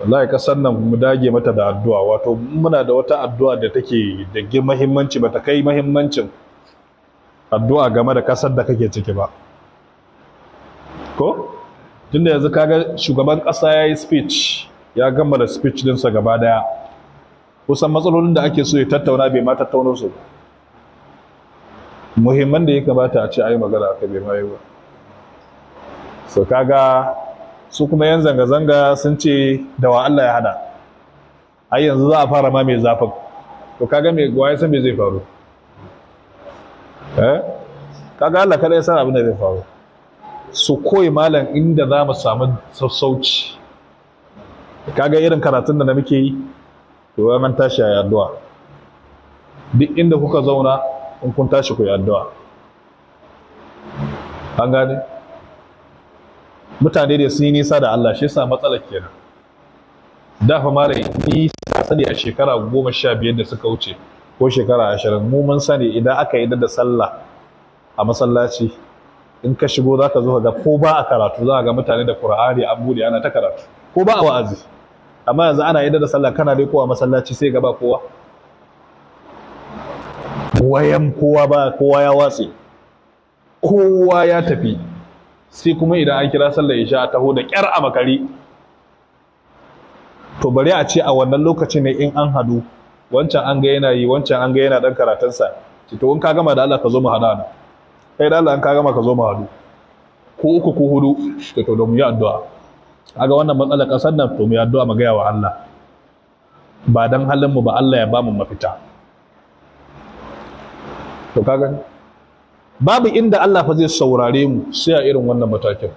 wallahi kasar nan mu dage mata da addu'a wato muna da wata addu'a da take da muhimmanci bata kai muhimmancin addu'a game da kasar da kake ciki ba ko tunda yanzu kaga shugaban kasa ya yi speech ya gama da speech dinsa gaba daya kusan matsalolin da ake so ya tattauna bai ma tattauna su muhimman da ya kamata a ce ayi magana aka bai ma yi ba so kaga su kuma yan zanga-zanga sun ce da wa Allah ya hada a yanzu za a fara ma mai zafin to kaga mai gwaye san me zai faru eh kaga Allah kada ya san abin da zai faru su koyi malam inda za mu samu sassauci kaga irin karatun da na muke yi to ranar tashi a addu'a duk inda kuka zauna in kun tashi ku yi addu'a an gane mutane da sun yi nisa da Allah shi yasa matsalar kenan da fa mara nisa sani a shekara goma sha biyar da suka wuce ko shekara ashirin mu mun sani idan aka yi da sallah a masallaci in ka shigo za ka zo ga ko ba a karatu za ga mutane da qur'ani an bude ana ta karatu ko ba a wa'azi amma yanzu ana idan da sallah kana dai kowa masallaci sai gaba kowa wayan kowa ba kowa ya watse kowa ya tafi sai kuma idan an kira sallar isha taho da kyar a makari to bari a ce a wannan lokacin ne in an hadu wancan an ga yana yi wancan an ga yana dan karatunsa ce to in ka gama da Allah ka zo mu hada na kai da Allah in ka gama ka zo mu hadu ko uku ko hudu to da mu yi addu'a kaga wannan matsalar kasar nan to mu yi addu'a mu ga wa Allah ba dan halin mu ba Allah ya ba mu mafita to kaga babu inda Allah fa zai saurare mu sai a irin wannan matakin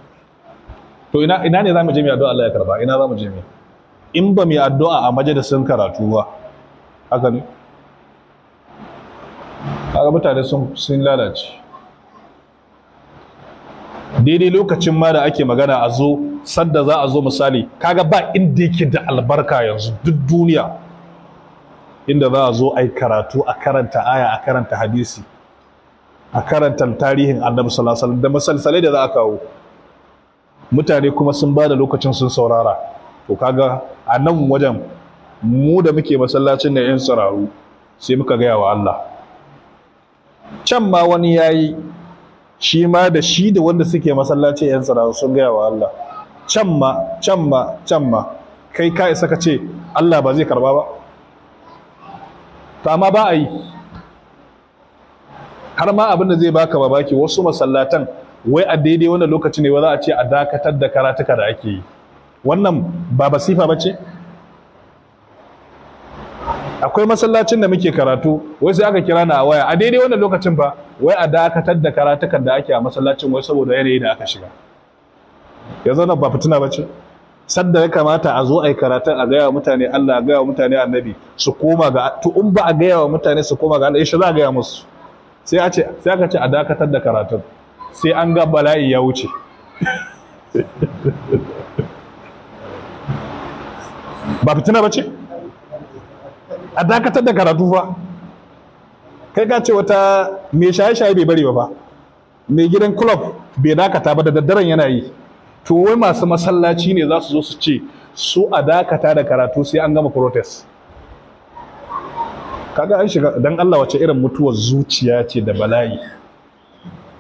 to ina ina ne zamu je mu addu'a Allah ya karba ina zamu je mu in ba mu addu'a a majalisin karatu ba haka ne kaga mutane sun sun lalace daidai lokacin ma da ake magana a zo sadda za a zo misali kaga ba inda yake da albarka yanzu duk duniya inda za a zo ai karatu a karanta aya a karanta hadisi a karanta tarihin annabi sallallahu alaihi da masalsalai da za a kawo mutane kuma sun ba da lokacin sun saurara to kaga a nan wajen mu da muke masallacin na yan tsiraru sai muka gaya wa Allah can ma wani yayi shi ma da shi da wanda suke masallacin yan tsiraru sun gaya wa Allah can ma can ma can ma kai ka isa ka ce Allah ba zai karba ba to amma ba a yi har ma abin da zai baka babaki wasu masallatan wai a daidai wannan lokaci ne za a ce a dakatar da karatuka da ake yi wannan ba basifa ba ce akwai masallacin da muke karatu wai sai aka kira na a waya a daidai wannan lokacin ba wai a dakatar da karatukan da ake a masallacin wai saboda yanayi da aka shiga yanzu nan ba fitina ba ce sadda ya kamata a zo a yi karatun a gaya wa mutane Allah a gaya wa mutane annabi su koma ga to in ba a gaya wa mutane su koma ga Allah shi za a gaya musu sai a ce sai aka ce a dakatar da karatun sai an ga bala'i ya wuce ba fitina ba ce a dakatar da karatu ba? kai ka ce wata mai shaye-shaye bai bari ba ba mai gidan club bai dakata ba da daddaren yana yi to wai masu masallaci ne za su zo su ce su a dakata da karatu sai an gama protest kaga an shiga dan Allah wace irin mutuwar zuciya ce da bala'i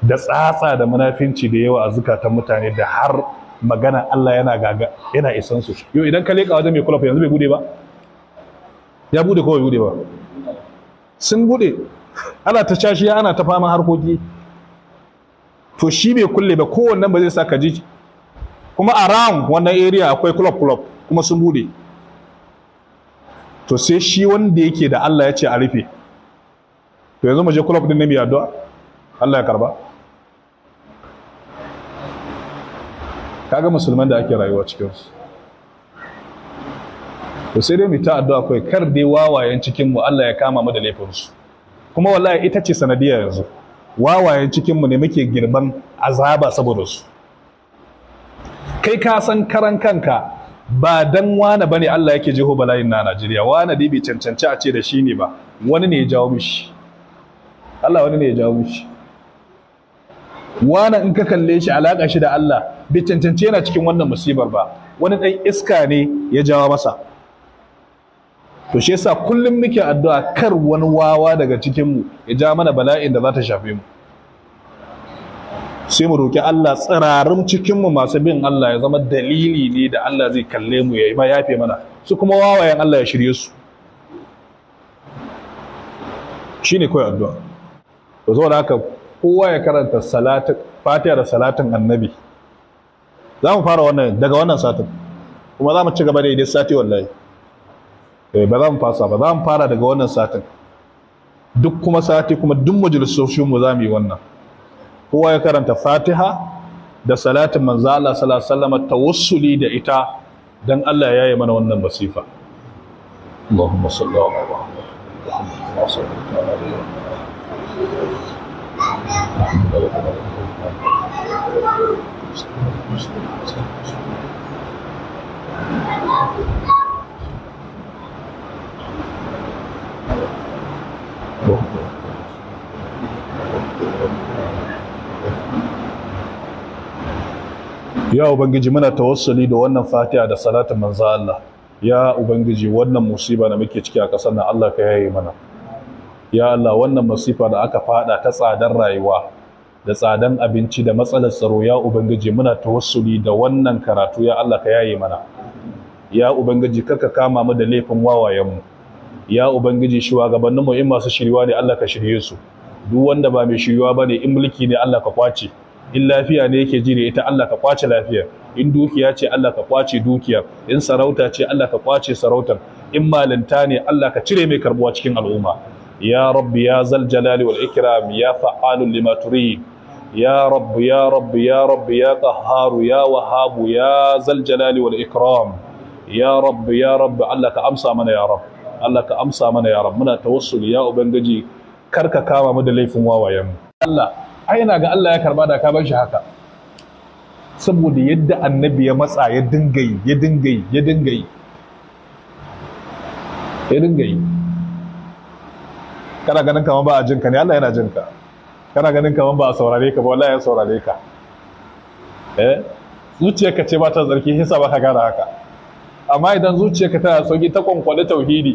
da tsatsa da munafinci da yawa a zukatan mutane da har magana Allah yana gaga yana isan su yo idan ka leka wajen mai kula yanzu bai bude ba ya bude ko bai bude ba sun bude ana ta shashiya ana ta fama harkoki to shi bai kulle ba kowannan ba zai sa ka ji kuma around wannan area akwai club club kuma sun bude to sai shi wanda yake da Allah ya ce a rufe to yanzu mu je din nabi addu'a Allah ya karba kaga musulman da ake rayuwa cikin su to sai dai mu ta addu'a kai kar dai wawayen cikin mu Allah ya kama mu da laifin su kuma wallahi ita ce sanadiyar yanzu wawayen cikin mu ne muke girban azaba saboda su kai ka san karan kanka ba dan wane bane Allah yake jeho bala'in na Najeriya wane dai bai cancanci a ce da shi ne ba wani ne ya jawo mishi Allah wani ne ya jawo mishi wane in ka kalle shi alaka shi da Allah bai cancanci yana cikin wannan musibar ba wani dan iska ne ya jawo masa to shi yasa kullum muke addu'a kar wani wawa daga cikin mu ya ja mana bala'in da za ta shafe mu sai mu roƙi Allah tsirarin cikin mu masu bin Allah ya zama dalili ne da Allah zai kalle mu ya ma yafe mana su kuma wawayen Allah ya shirye su shine koyi addu'a to da haka kowa ya karanta salatin fatiha da salatin annabi za mu fara wannan daga wannan satin kuma za mu ci gaba da idan sati wallahi eh, ba za mu fasa ba za mu fara daga wannan satin duk kuma sati kuma duk majalisoshinmu za mu yi wannan kowa ya karanta fatiha da salatin manzo Allah sallallahu alaihi wasallam tawassuli da ita dan Allah ya yi mana wannan basifa Allahumma salli ala Muhammad Allahumma salli ala Muhammad Thank you. ya ubangiji muna tawassuli da wannan fatiha da salatin manzo Allah ya ubangiji wannan musiba da muke ciki a ƙasar nan Allah ka yaye mana ya Allah wannan musiba da aka fada ta tsadar rayuwa da tsadan abinci da matsalar tsaro ya ubangiji muna tawassuli da wannan karatu ya Allah ka yaye mana ya ubangiji karka kama mu da laifin wawayen mu ya ubangiji shugabannin mu in masu shiriwa ne Allah ka shirye su duk wanda ba mai shiriwa bane in mulki ne Allah ka kwace in lafiya ne yake ji da ita Allah ka kwace lafiya in dukiya ce Allah ka kwace dukiya in sarauta ce Allah ka kwace sarautar in malinta ne Allah ka cire mai karbuwa cikin al'umma ya rabbi ya zal jalali wal ikram ya fa'alun lima turi. ya rabbi ya rabbi ya rabbi ya qahharu ya wahabu ya zal jalali wal ikram ya rabbi ya rabbi Allah ka amsa mana ya rabbi Allah ka amsa mana ya rabbi muna tawassul ya ubangiji karka kama mu da laifin wawayen Allah ai ina ga Allah ya karba da ka bar shi haka saboda yadda annabi ya matsa ya dinga yi ya dinga yi ya dinga yi ya dingayi kana ganin kaman ba a jinka ne Allah yana jinka kana ganin kaman ba a saurare ka ba wallahi ya saurare ka eh zuciyarka ce ba ta zarki hisa ba ka gara haka amma idan zuciyarka tana sauki ta kwankwale tauhidi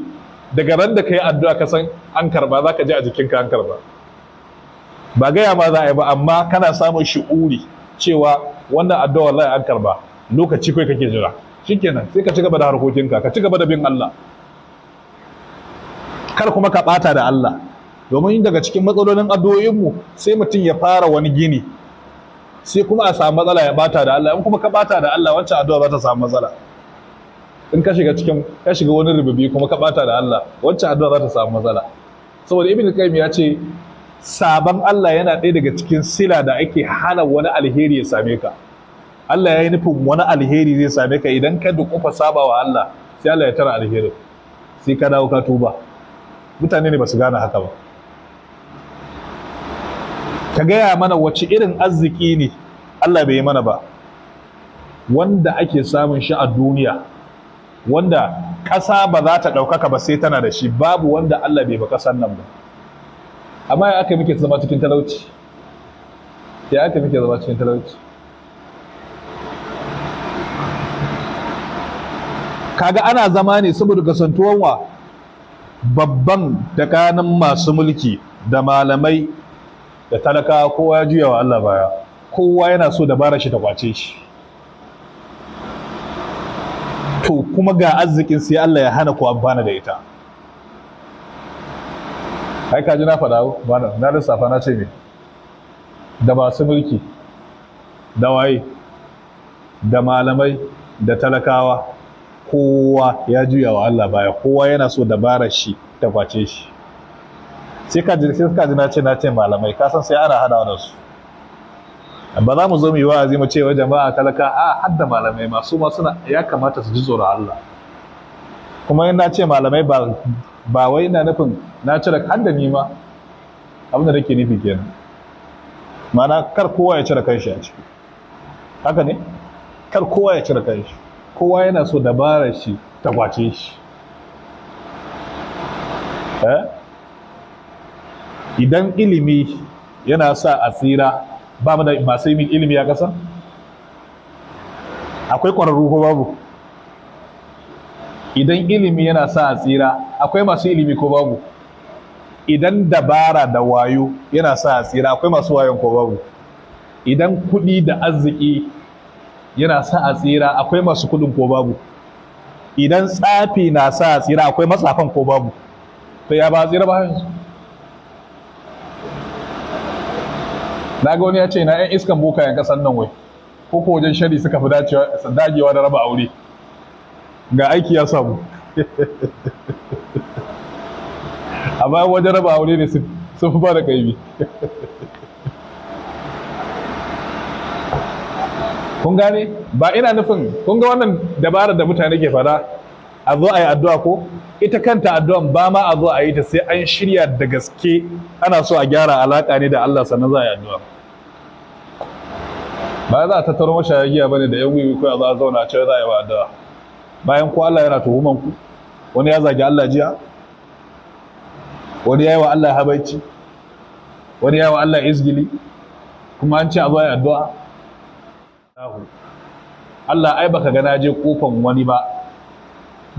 daga ran da ka yi addu'a ka san an karba za ka ji a jikinka an karba ba gaya ma za a yi ba amma kana samun shi'uri cewa wannan addu'a wallahi an karba lokaci kai kake jira shikenan sai ka ci gaba da harkokinka ka ci gaba da bin Allah kar kuma ka bata da Allah domin daga cikin matsalolin addu'o'inmu sai mutum ya fara wani gini sai kuma a samu matsala ya bata da Allah in kuma ka bata da Allah wancan addu'a za ta samu matsala in ka shiga cikin ka shiga wani rububi kuma ka bata da Allah wancan addu'a za ta samu matsala saboda ibnu qayyim ya ce Sabon Allah yana ɗaya daga cikin sila da ake hana wani alheri ya same ka Allah ya yi nufin wani alheri zai same ka idan ka dukufa saba wa Allah sai Allah ya tara alherin sai ka dawo ka tuba mutane ne ba su gane haka ba ka gaya mana wace irin arziki ne Allah bai yi mana ba wanda ake samun shi a duniya wanda ƙasa ba za ta ɗaukaka ba sai tana da shi babu wanda Allah bai ba ƙasar nan ba amma ya aka muke zama cikin talauci ya aka muke zama cikin talauci kaga ana zama ne saboda kasantuwan wa babban tsakanin masu mulki da malamai da talaka kowa ya juya wa Allah baya kowa yana so dabara shi ta kwace shi to kuma ga arzikin sai Allah ya hana ku amfana da ita ai kaji na faɗa mana na lissafa na ce ne da masu mulki da waye da malamai da talakawa kowa ya juya wa Allah baya kowa yana so dabara shi ta kwace shi sai ka sai ka na ce na ce malamai ka san sai ana hada da su ba za mu zo mu yi wa'azi mu ce wa jama'a talaka a hadda malamai ma su ma suna ya kamata su ji tsoron Allah kuma in na ce malamai ba ba wai ina nufin na cire kan da nima abin da nake nufi kenan ma'ana kar kowa ya cire kanshi a ciki haka ne kar kowa ya cire kanshi kowa yana so dabarar shi ta kwace shi eh? idan ilimi yana sa a tsira ba mu da masu ilimi a ƙasa akwai ƙwararru ko babu idan ilimi yana sa a tsira akwai masu ilimi ko babu idan dabara da wayo yana sa a tsira akwai masu wayon ko babu idan kuɗi da arziki yana sa a tsira akwai masu kuɗin ko babu idan tsafi na sa a tsira akwai matsafan ko babu to ya ba a tsira ba yanzu na ga wani ya ce na 'yan iskan bokayen ƙasar nan wai ko ko wajen shari suka fi dagewa da raba aure ga aiki ya samu amma wajen raba aure ne sun fi ba da kaibi kun gane ba ina nufin kun ga wannan dabarar da mutane ke fada a zo a yi addu'a ko ita kanta addu'an ba ma a zo a yi ta sai an shirya da gaske ana so a gyara alaƙa ne da Allah sannan za a yi addu'a ba za a tattaro mashaya giya ne da yan wiwi ko a za a zauna a cewa za a yi wa addu'a bayan ku Allah yana tuhuman ku wani ya zagi Allah jiya wani ya yi wa Allah habaici wani ya yi wa Allah izgili kuma an ce a zuwa addu'a Allah ai baka ga naje kofan wani ba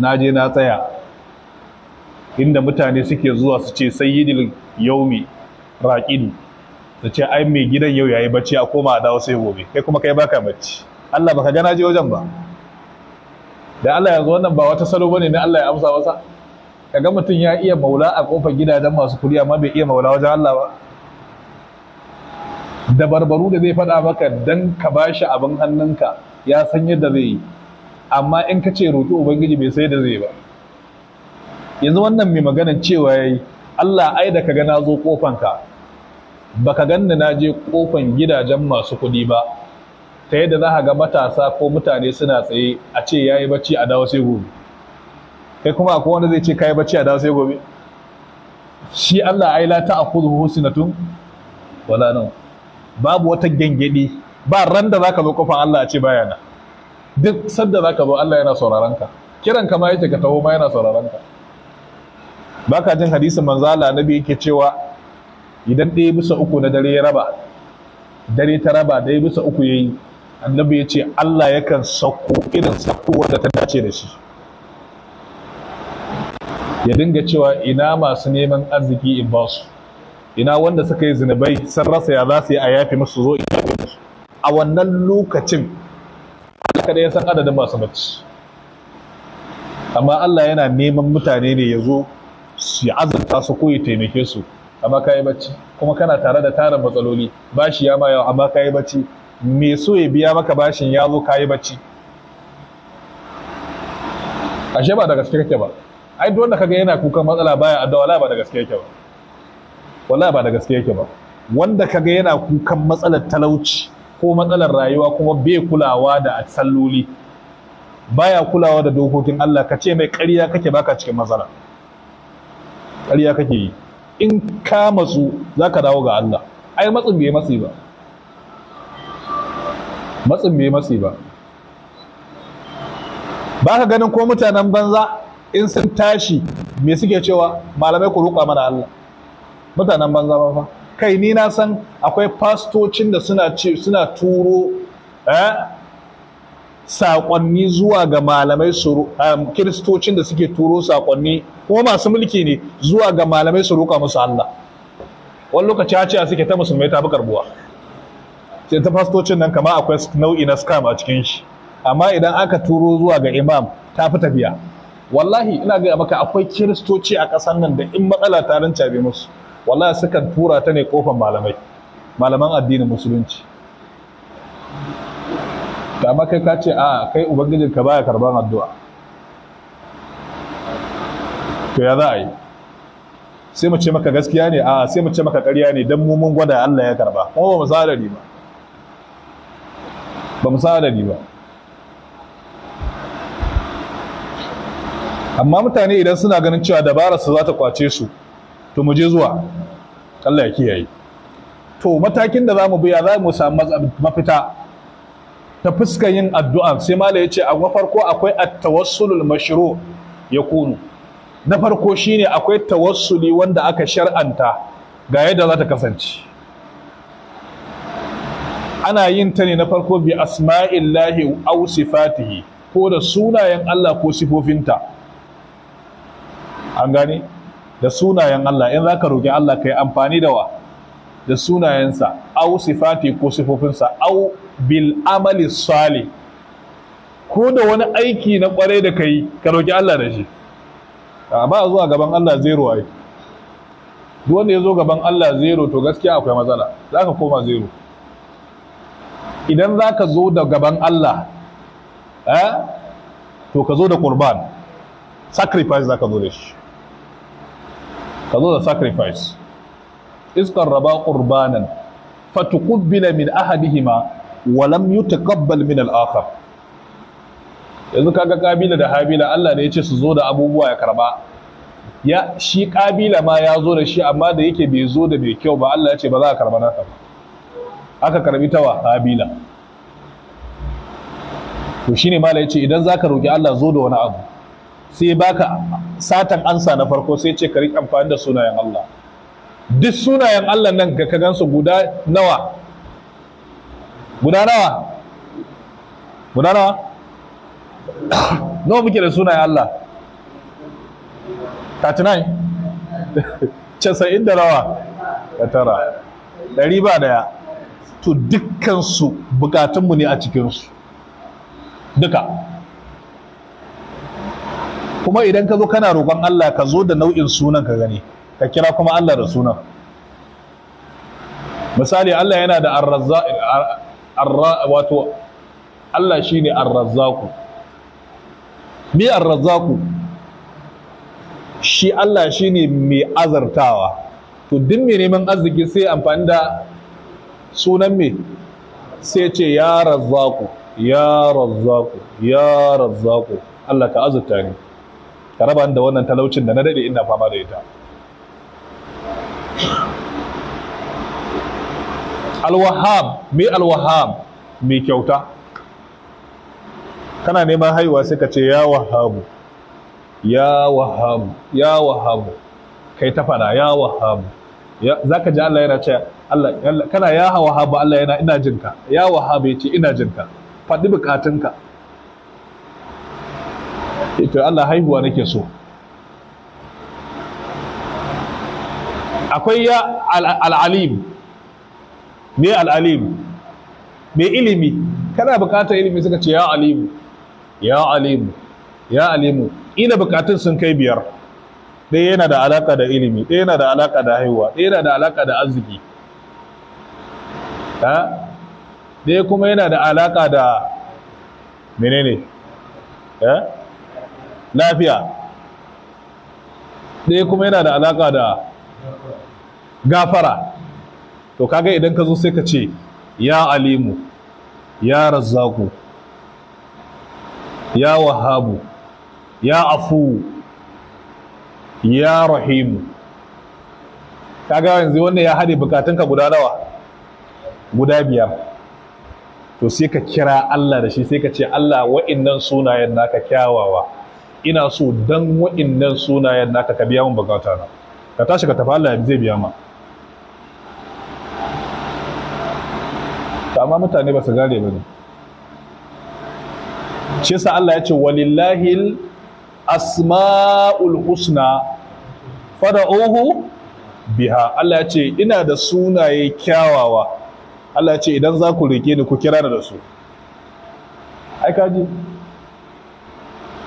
naje na tsaya inda mutane suke zuwa su ce sayyidil yaumi raqin su ce ai mai gidan yau yayi bacci a koma a dawo sai gobe kai kuma kai baka bacci Allah baka ga naje wajen ba da Allah ya zo wannan ba wata salo bane na Allah ya amsa masa kaga mutum ya iya maula a kofar gidajen masu kuɗi, amma bai iya maula wajen Allah ba da barbaru da zai faɗa maka dan ka bashi abin hannunka ya san yadda zai yi amma in ka ce roƙi ubangiji bai sai da zai ba yanzu wannan mai maganan cewa yayi Allah ai da ga na zo kofanka baka ganni na je kofan gidajen masu kuɗi ba ta yadda za ga matasa ko mutane suna tsaye a ce ya yi bacci a dawo sai gobe kai kuma akwai wanda zai ce ka yi bacci a dawo sai gobe shi Allah ai la ta akuzu sinatun wala nan babu wata gengedi ba ran da zaka zo kofar Allah a ce baya na duk sanda zaka zo Allah yana sauraron ka kiran ka ma yake ka taho ma yana sauraron ka baka jin hadisin manzo Allah annabi yake cewa idan ɗaya bisa uku na dare ya raba dare ta raba ɗaya bisa uku ya yi. annabi ya ce Allah yakan sauko irin sauko wanda ta dace da shi ya dinga cewa ina masu neman arziki in ba su ina wanda suka yi zinubai San rasa ya za su yi a yafi musu zo in yafi musu a wannan lokacin Allah da ya san adadin masu bacci amma Allah yana neman mutane ne ya zo su yi azurta su ko ya taimake su amma ka yi bacci kuma kana tare da tarin matsaloli bashi ya ma yawa amma ka yi bacci me so ya biya maka bashin ya zo kayi bacci ashe ba da gaske kake ba ai duk wanda kaga yana kukan matsala baya addu'a wala ba da gaske yake ba wallahi ba da gaske yake ba wanda kaga yana kukan matsalar talauci ko matsalar rayuwa kuma bai kulawa da salloli baya kulawa da dokokin Allah ka ce mai ƙarya kake baka cikin matsala ƙarya kake yi in ka matsu zaka dawo ga Allah ai matsin bai matsi ba matsin bai matsi ba ba ka ganin ko mutanen banza in sun tashi me suke cewa malamai ku roƙa mana Allah mutanen banza ba fa kai ni na san akwai fastocin da suna ce suna turo eh saƙonni zuwa ga malamai su eh, kiristocin da suke turo saƙonni ko masu mulki ne zuwa ga malamai su roƙa musu Allah wani lokaci a suke ta musulmai ta bi karbuwa sai ta fastocin nan kama akwai nau'i na scam a cikin shi amma idan aka turo zuwa ga imam ta fi tafiya wallahi ina ga maka akwai kiristoci a ƙasar nan da in matsala ta rincabe musu wallahi suka tura ta ne kofan malamai malaman addinin musulunci da amma kai ka ce a kai ubangijin ka baya karban addu'a to ya za a yi sai mu ce maka gaskiya ne a sai mu ce maka ƙarya ne dan mu mun gwada Allah ya karba kuma ba mu zarari ba ba mu san adadi ba amma mutane idan suna ganin cewa su za ta kwace su to mu je zuwa Allah ya kiyaye to matakin da za mu biya za mu samu mafita ta fuskar yin addu'a sai mala ya ce a farko akwai a tawassulul mashru ya kunu na farko shine akwai tawassuli wanda aka shar'anta ga yadda za ta kasance ana yin ta ne na farko bi asma'illahi aw sifatihi ko da sunayen Allah ko sifofinta an gane da sunayen Allah in zaka roki Allah kai amfani da wa da sunayensa aw sifati ko sifofinsa aw bil amali salih ko da wani aiki na kwarai da kai ka roki Allah da shi ba zuwa gaban Allah zero ai duk wanda ya zo gaban Allah zero to gaskiya akwai matsala zaka koma zero idan za ka zo da gaban Allah eh, to ka zo da kurban sacrifice za ka zo da shi ka zo da sacrifice iskar raba kurbanan fatukubbila min ahadihima walam yutaqabbal min al-akhar yanzu kaga kabila da habila Allah ne ya ce su zo da abubuwa ya karba ya shi kabila ma ya zo da shi amma da yake bai zo da mai kyau ba Allah ya ce ba za a karba naka ba aka karbi ta wa habila to shine mala yace idan zaka roki Allah zo da wani abu sai baka satan ansa na farko sai ce ka riƙe amfani da sunayen Allah duk sunayen Allah nan ka gansu guda nawa guda nawa guda nawa nawa muke da sunayen Allah 39 casa'in da nawa da tara ɗari ba daya to dukkansu bukatunmu ne a cikinsu duka kuma idan ka zo kana roƙon Allah ka zo da nau'in sunan ka gani ka kira kuma Allah da sunan misali Allah yana da arrazza wato Allah shine me shi Allah shine mai azartawa to duk mai neman arziki sai amfani da sunan me sai ce ya razzaku ya razzaku ya razzaku Allah ka azurta ni ka raba da wannan talaucin da na dade ina fama da ita alwahab me alwahab mai kyauta kana neman haihuwa sai ka ce ya wahabu ya wahabu ya wahabu kai ta ya wahabu za ka ji Allah yana cewa Allah kana ya wahaba Allah yana ina jinka ya bai ce ina jinka faɗi bukatunka ita Allah haihuwa nake so akwai ya al'alim me al'alim me ilimi kana bukatar ilimi suka ce ya alimu ya alimu ya alimu ina bukatun sun kai biyar ɗaya yana da alaƙa da ilimi ɗaya yana da alaƙa da haihuwa ɗaya yana da alaƙa da arziki ɗaya kuma yana da alaka da menene lafiya ɗaya kuma yana da alaƙa da gafara to kaga idan ka zo sai ka ce ya alimu ya razzaku ya wahabu ya afu ya rahimu kaga yanzu wannan ya haɗe bukatunka guda nawa guda biyar to sai ka kira Allah da shi sai ka ce Allah wa'innan sunayen naka kyawawa ina so dan wa'innan sunayen naka ka biya min bukata na ka tashi ka tafi Allah zai biya ma amma mutane ba su gare ba ne shi yasa Allah ya ce walillahil asma'ul husna fada ohu biha Allah ya ce ina da sunaye kyawawa Allah ce idan za ku rike ni ku kira da su ai kaji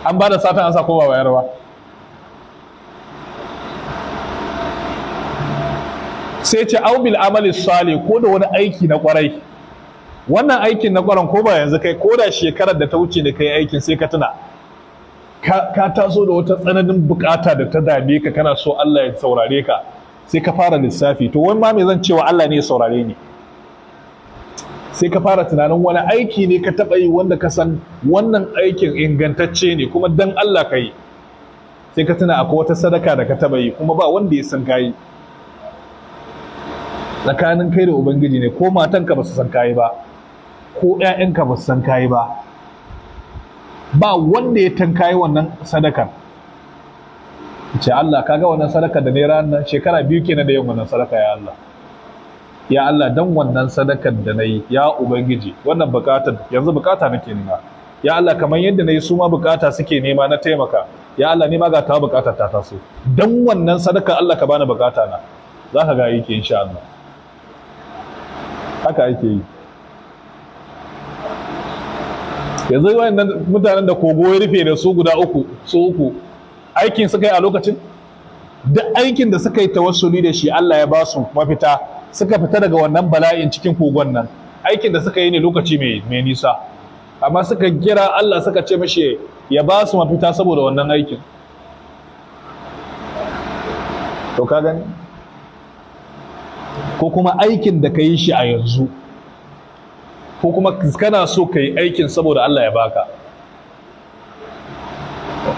an ba da satan an sa koma ba bayar ba sai ce au bil amali salih ko da wani aiki na kwarai wannan aikin na kwaran ko ba yanzu kai ko da shekarar da ta wuce da kai aikin sai ka tuna ka taso da wata tsananin bukata da ta dame ka kana so Allah ya saurare ka sai ka fara lissafi to wani ma me zan cewa Allah ne ya saurare ni sai ka fara tunanin wani aiki ne ka taɓa yi wanda ka san wannan aikin ingantacce ne kuma dan Allah ka yi sai ka tuna akwai wata sadaka da ka taɓa yi kuma ba wanda ya san ka yi tsakanin kai da ubangiji ne ko matanka ba su san kayi ba ko ƴaƴanka ba su san kayi ba ba wanda ya tankayi wannan sadakar ce Allah kaga wannan sadakar da ne ranar shekara biyu kenan da yin wannan sadaka ya Allah ya Allah dan wannan sadakar da nayi ya ubangiji wannan bukatar yanzu bukata nake nema ya Allah kamar yadda nayi su ma bukata suke nema na taimaka ya Allah ni ma ga ta bukata ta taso dan wannan sadaka Allah ka bani bukata na zaka ga yake insha Allah haka yake yi yanzu wayannan mutanen da kogo ya rufe da su guda uku su uku aikin suka yi a lokacin duk aikin da suka yi tawassuli da shi Allah ya ba su mafita suka fita daga wannan bala'in cikin kogon nan aikin da suka yi ne lokaci mai nisa amma suka kira Allah suka ce mashi ya ba su mafita saboda wannan aikin to ka gani ko kuma aikin da ka yi shi a yanzu ko kuma kana so ka yi aikin saboda Allah ya baka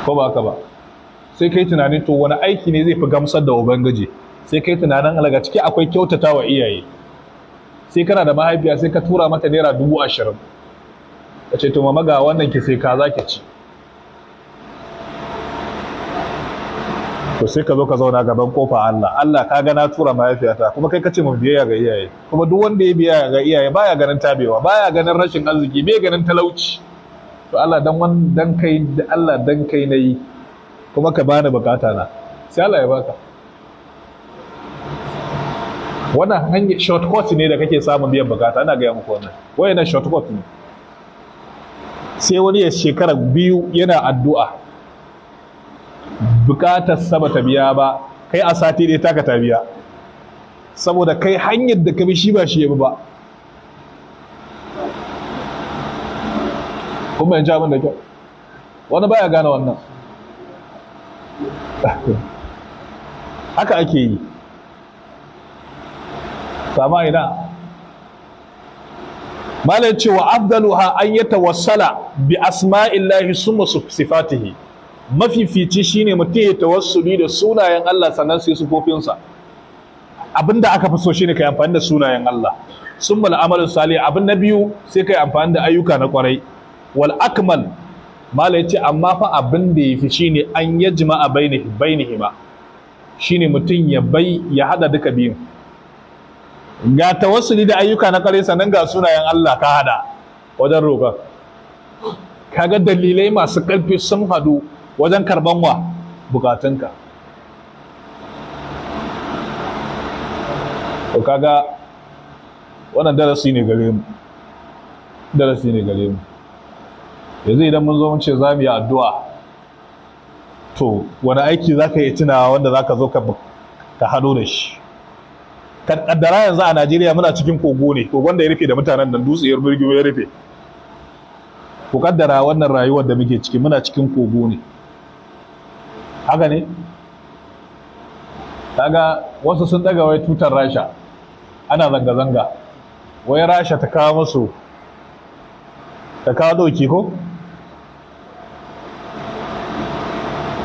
ko ba ka ba sai kai tunanin to wani aiki ne zai fi gamsar da ubangiji sai kai tunanin alaga ciki akwai kyautata wa iyaye sai kana da mahaifiya sai ka tura mata naira dubu ashirin ka ce to mama ga wannan ki sai kaza ki ci to sai ka zo ka zauna gaban kofa Allah Allah ka ga na tura mahaifiyata kuma kai ka ce mu biyayya ga iyaye kuma duk wanda ya biyayya ga iyaye baya ganin tabewa baya ganin rashin arziki bai ganin talauci to Allah dan dan kai Allah dan kai nayi kuma ka bani bukata na sai Allah ya baka wannan hanya shortcut ne da kake samun biyan bukata ana gaya muku wannan wayannan shortcut ne sai wani ya shekara biyu yana addu'a bukatar sama ta biya ba kai a sati ne taka ta biya saboda kai hanyar da ka bi shi ba shi ya bi ba kuma yanci abin da kyau wani baya gane wannan haka ake yi sama ina malai cewa afdaluha an yi tawassala bi asma'illahi summa sifatihi mafifici shine mutum ya tawassuli da sunayen Allah sannan sai sufofinsa abinda aka fi so shine kai amfani da sunayen Allah summa al'amalin abin na biyu sai kai amfani da ayyuka na kwarai wal akmal malai ce, amma fa abin da ya fi shine an jima'a bainihi bainihima shine mutum ya bai ya hada duka biyun ga tawassuli da ayyuka na kare sanan ga sunayen Allah ka hada wajen roƙon kaga dalilai masu ƙarfi sun hadu wajen karban wa bukatunka to kaga wannan darasi ne gare mu darasi ne gare mu yanzu idan mun zo mun ce za mu yi addu'a to wani aiki za ka yi tunawa wanda za ka zo ka hado da shi kaddara yanzu a najeriya muna cikin kogo ne kogon da ya rufe da mutanen nan dutse ya rufe, ya rufe ku kaddara wannan rayuwar da muke ciki muna cikin kogo ne haka ne kaga wasu sun daga wai tutar rasha ana zanga-zanga wai rasha ta kawo musu ta kawo doki ko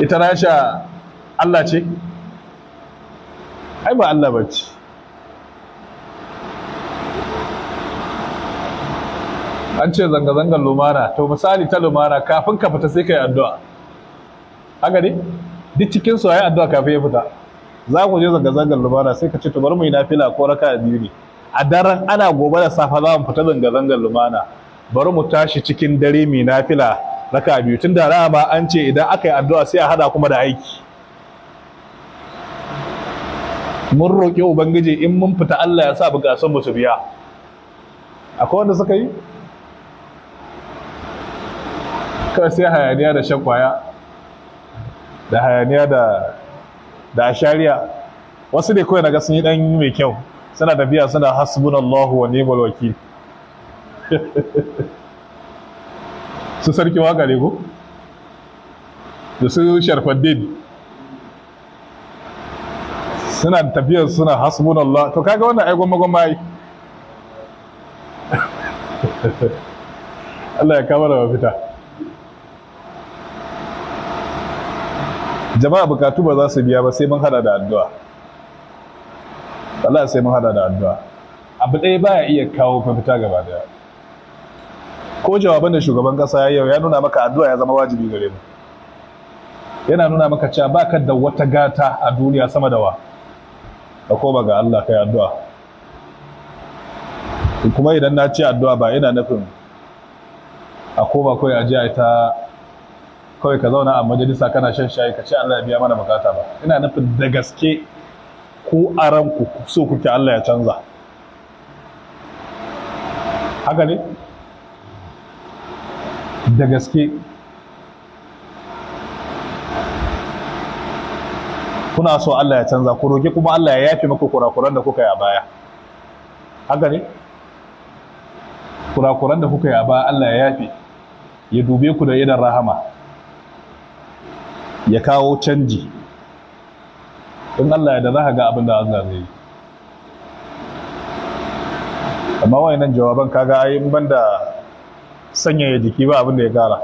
ita rasha Allah ce ai ba Allah bace an ce zanga-zangar lumana to misali ta lumana kafin ka fita sai ka yi addu'a haka ne duk cikin su yi addu'a kafin ya fita za ku je zanga-zangar lumana sai ka ce to bari mu yi nafila ko raka biyu ne a daren ana gobe da safa za mu fita zanga-zangar lumana bari mu tashi cikin dare mai nafila raka biyu tun da rama an ce idan aka yi addu'a sai a hada kuma da aiki mun roƙi ubangiji in mun fita Allah ya sa bukatun mu su biya akwai wanda suka yi kawai sai hayaniya da shan kwaya da hayaniya da da ashariya wasu ne kawai na sun yi dan mai kyau suna tafiya suna hasbunallahu lahuwa ni'mal wakil su sarki waka ne ko da su sharfaddin suna tafiyar suna hasbun Allah to kaga wannan ai goma goma yi Allah ya kama da fita. jama'a bukatu ba za su biya ba sai mun hada da addu'a Allah sai mun hada da addu'a abu ɗaya baya iya kawo fafita gaba daya ko jawaban da shugaban kasa ya yau ya nuna maka addu'a ya zama wajibi gare mu yana nuna maka cewa baka da wata gata a duniya sama da wa ka koma ga Allah kai addu'a kuma idan na ce addu'a ba ina nufin a koma kawai a jiya ta kawai ka zauna a majalisa kana shan shayi ka ce Allah ya biya mana bukata ba ina nufin da gaske ko a ranku so kuke Allah ya canza haka ne da gaske kuna so Allah ya canza ku roƙi kuma Allah ya yafe muku kurakuran da kuka yi a baya haka ne kurakuran da kuka yi a baya Allah ya yafe ya dube ku da idan rahama ya kawo canji in Allah ya da za ga abin da Allah zai yi amma wayannan jawaban kaga ai in banda sanyaya jiki ba abin da ya kara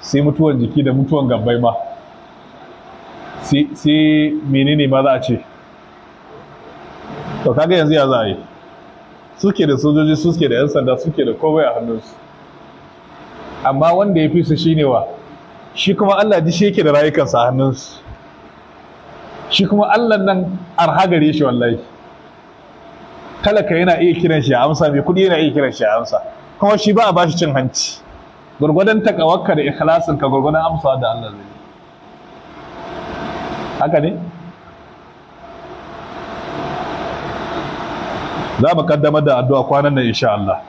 sai mutuwan jiki da mutuwan gambai ma sai menene ma za a ce to kaga yanzu ya za a yi suke da sojoji suke da 'yan sanda suke da komai a hannunsu amma wanda ya fi su shine wa shi kuma Allah ji shi yake da rayukansa a hannunsu shi kuma Allah nan arha hagari shi wallahi talaka yana iya kiran shi a amsa mai kudi yana iya kiran shi a amsa kuma shi ba a bashi cin hanci gurgudan takawarka da ikhlasin ka gurgudan amsawa da Allah zai haka ne za mu kaddamar da addu'a kwanan nan insha Allah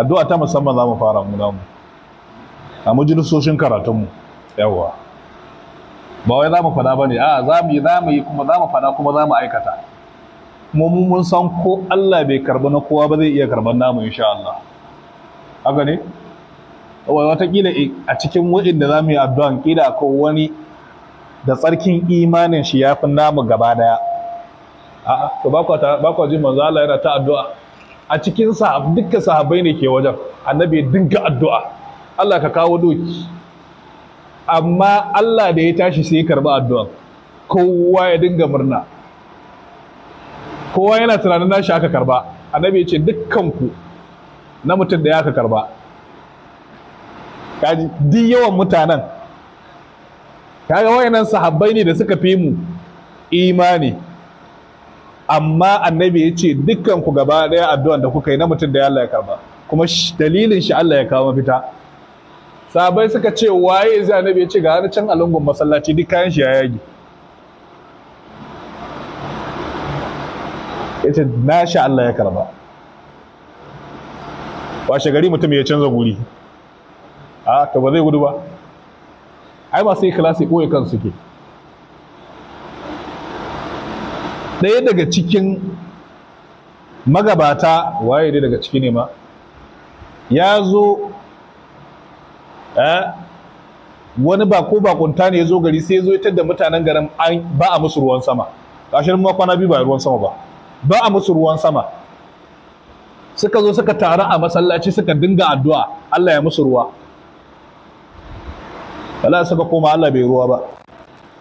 addu'a ta musamman za mu fara mu namu a mu majalisoshin karatunmu yawa ba wai za mu faɗa ba ne a za mu yi za mu yi kuma za mu faɗa kuma za mu aikata mu mun san ko Allah bai karɓi na kowa ba zai iya karɓar namu insha Allah haka ne watakila a cikin da za mu yi addu'an ƙila ko wani da tsarkin imanin shi ya fi namu gaba daya a'a to ba kwa ji manzo Allah yana ta addu'a a cikin sa dukka sahabbai ne ke wajen annabi dinga addu'a Allah ka kawo doki amma Allah da ya tashi sai ya karba addu'a kowa ya dinga murna kowa yana tunanin nashi aka karba annabi ya ce dukkan ku na mutum da ya ka karba kaji duk yawan mutanen kaga wayannan sahabbai ne da suka fi mu imani amma annabi ya ce dukkan ku gaba daya addu'an da kuka yi na mutum da ya Allah ya karba kuma dalilin shi Allah ya kawo mafita sahabbai suka ce waye zai annabi ya ce ga can alungun masallaci duk kayan shi ya yage Ita na sha Allah ya karba washe gari mutum ya canza guri a to ba zai gudu ba ai ba sai ikhlasi ɓoye kan suke ɗaya daga cikin magabata waye dai daga ciki ne ma ya zo eh, wani ba ba bakunta ne ya zo gari sai ya zo ya da mutanen garin ba a musu ruwan sama ƙashin ma kwana biyu ba ruwan sama ba ba a musu ruwan sama suka zo suka taru a masallaci suka dinga addu'a Allah ya musu ruwa wala suka koma Allah bai ruwa ba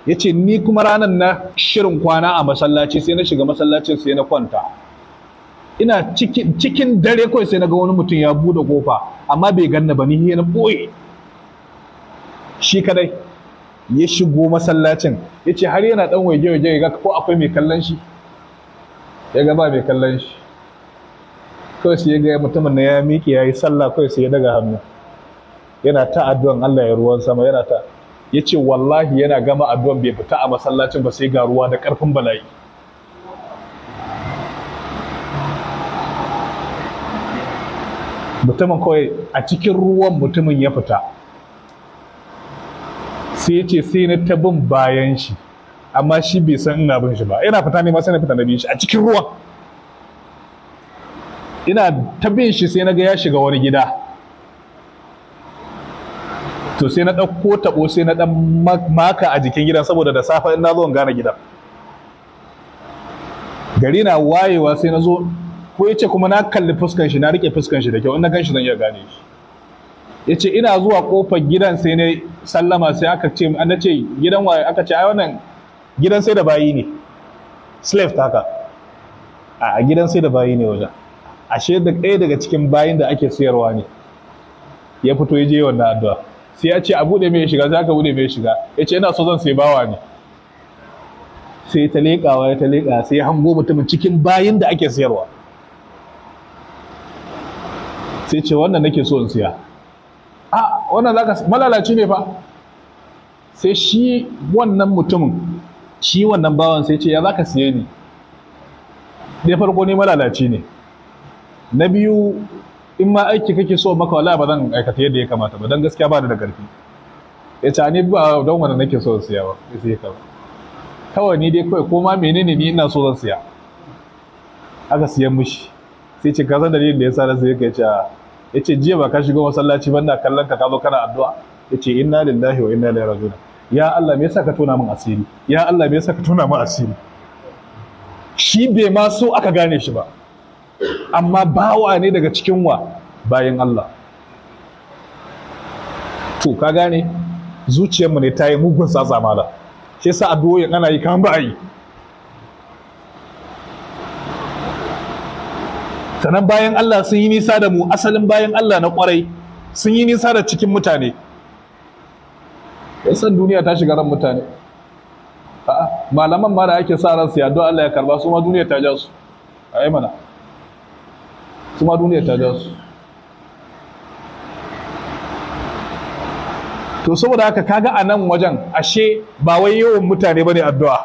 yace ni kuma ranan na shirin kwana a masallaci sai na shiga masallacin sai na kwanta ina cikin dare kawai sai na ga wani mutum ya bude kofa amma bai ganna ba ni na boye shi kadai ya shigo masallacin yace har yana dan waje waje ga ko akwai mai kallon shi ya ga ba mai kallon shi kawai sai ga mutumin na ya miƙe ya yi sallah kawai sai ya daga hannu yana ta addu'an Allah ya ruwan sama yana ta ya ce wallahi yana gama addu'an bai fita a masallacin ba sai ga ruwa da ƙarfin bala'i mutumin kawai a cikin ruwan mutumin ya fita sai ya ce sai na ta bin bayan shi amma shi bai san ina bin shi ba yana fita ne ma sai na fita na bin shi a cikin ruwan ina ta bin shi sai na ga ya shiga wani gida to sai na ɗauko taɓo sai na ɗan maka a jikin gidan saboda da safe in na zo in gane gidan gari na wayewa sai na zo ko ya ce kuma na kalli fuskan shi na riƙe fuskan shi da kyau in na gan shi zan iya gane shi ya ce ina zuwa ƙofar gidan sai na sallama sai aka ce an ce gidan waye aka ce ai wannan gidan sai da bayi ne slave ta haka a gidan sai da bayi ne wajen ashe da ɗaya daga cikin bayin da ake siyarwa ne ya fito ya je wannan addu'a sai ya ce a buɗe mai shiga za ka buɗe mai shiga ya ce ina so zan sai bawa ne sai ta leƙawa ya ta leƙa sai ya hango mutumin cikin bayin da ake siyarwa sai ce wannan nake so in siya a ah, wannan zaka malalaci ne fa sai shi wannan mutumin shi wannan bawan sai ce ya zaka siye ni dai farko ne malalaci ne na biyu in ma aiki kake so maka wala ba zan aikata yadda ya kamata ba don gaskiya ba da ƙarfi. ya ce ni ba don wanda nake so siya ba sai ka kawai ni dai kawai koma menene ni ina so zan siya aka siyan mishi sai ce ka san dalilin da ya sa na siya ka ce ya ce jiya ba ka shigo masallaci ban na kallon ka ka zo kana addu'a ya ce inna lillahi wa inna ilaihi raji'un ya Allah me yasa ka tona min asiri ya Allah me yasa ka tona min asiri shi bai ma so aka gane shi ba amma bawa ne daga cikin wa bayan Allah to ka gane zuciyarmu ne ta yi mugun tsatsa mala shi yasa addu'o'in ana yi kan ba yi sannan bayan Allah sun yi nisa da mu asalin bayan Allah na kwarai sun yi nisa da cikin mutane san duniya ta shiga ran mutane a'a malaman ma da ake sa ran yadda Allah ya karba su ma duniya ta ja su ayi mana kuma duniya ta ja su to saboda haka kaga a nan wajen ashe ba wai yawan mutane ba ne addu'a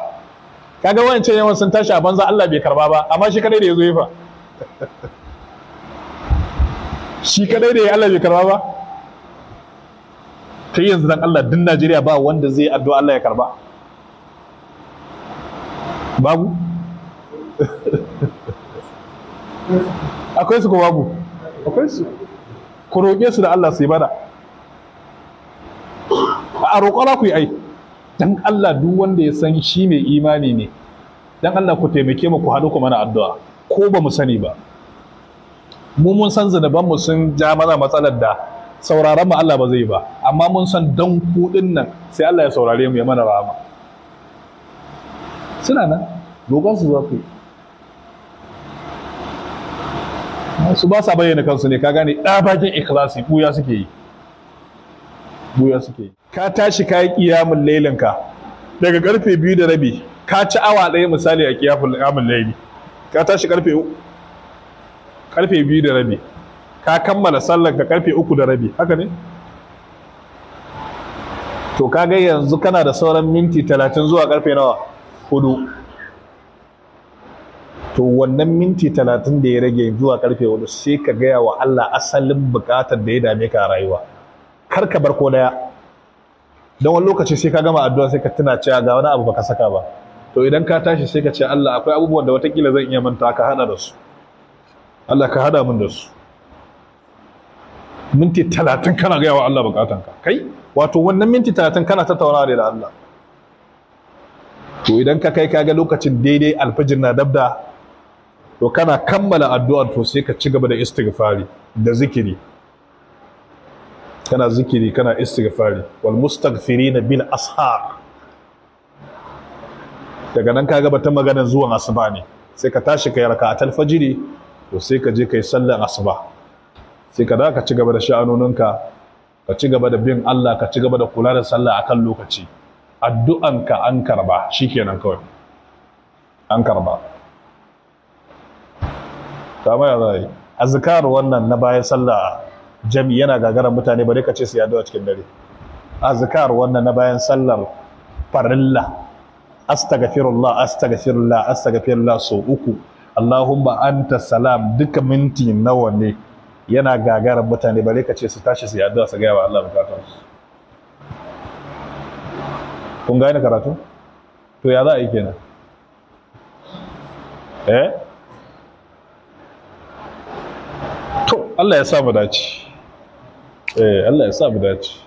kaga wancan yawan sun tashi a banza Allah bai karba ba amma shi kadai da zo yafa shi kadai da Allah bai karba ba kai yanzu dan Allah din Najeriya ba wanda zai addu'a Allah ya karba babu akwai su ko babu akwai su ku roƙe su da Allah su yi bada a roƙo ku yi ai dan Allah duk wanda ya san shi mai imani ne dan Allah ku taimake mu ku haɗu ku mana addu'a ko ba mu sani ba mu mun san zanuban mu sun ja mana matsalar da sauraron mu Allah ba zai ba amma mun san dan kuɗin nan sai Allah ya saurare mu ya mana rahama suna nan roƙon su za ku yi su ba sa bayyana kansu ne ka gane ɗabagen Ikilasi buya suke yi buya suke yi ka tashi ka yi ƙiyamun lailinka daga ƙarfe biyu da rabi ka ci awa ɗaya misali a ƙiyamun laili ka tashi ƙarfe ƙarfe biyu da rabi ka kammala sallar ka ƙarfe uku da rabi haka ne to ka ga yanzu kana da sauran minti talatin zuwa ƙarfe nawa hudu to wannan minti talatin da ya rage zuwa karfe wani sai ka gaya wa Allah asalin bukatar da ya dame ka a rayuwa kar ka bar ko daya don wani lokaci sai ka gama addu'a sai ka tuna cewa ga wani abu baka saka ba to idan ka tashi sai ka ce Allah akwai abubuwan da watakila zan iya manta ka hada da su Allah ka hada min da su minti talatin kana gaya wa Allah ka kai wato wannan minti talatin kana tattauna da Allah to idan ka kai kaga lokacin daidai alfajir na dabda to kana kammala addu'ar to sai ka ci gaba da istighfari da zikiri kana zikiri kana istighfari wal mustaghfirina bil ashar daga nan ka gaba ta maganar zuwan asuba ne sai ka tashi ka yarka raka'atul fajiri to sai ka je kai sallar asuba sai ka ka ci gaba da sha'anoninka ka ci gaba da bin Allah ka ci gaba da kula da sallah akan lokaci addu'anka an karba shikenan kawai an karba kama ya zai azkar wannan na bayan sallah jami yana gagarar mutane bare ka ce su yaduwa cikin dare azkar wannan na bayan sallar farilla astaghfirullah astaghfirullah astaghfirullah so uku allahumma anta salam duka minti nawa ne yana gagarar mutane bare ka ce su tashi su yaduwa su gaya wa Allah bukatunsu kun gane karatu to ya za a yi kenan eh Allah ya sa mu dace eh Allah ya sa mu dace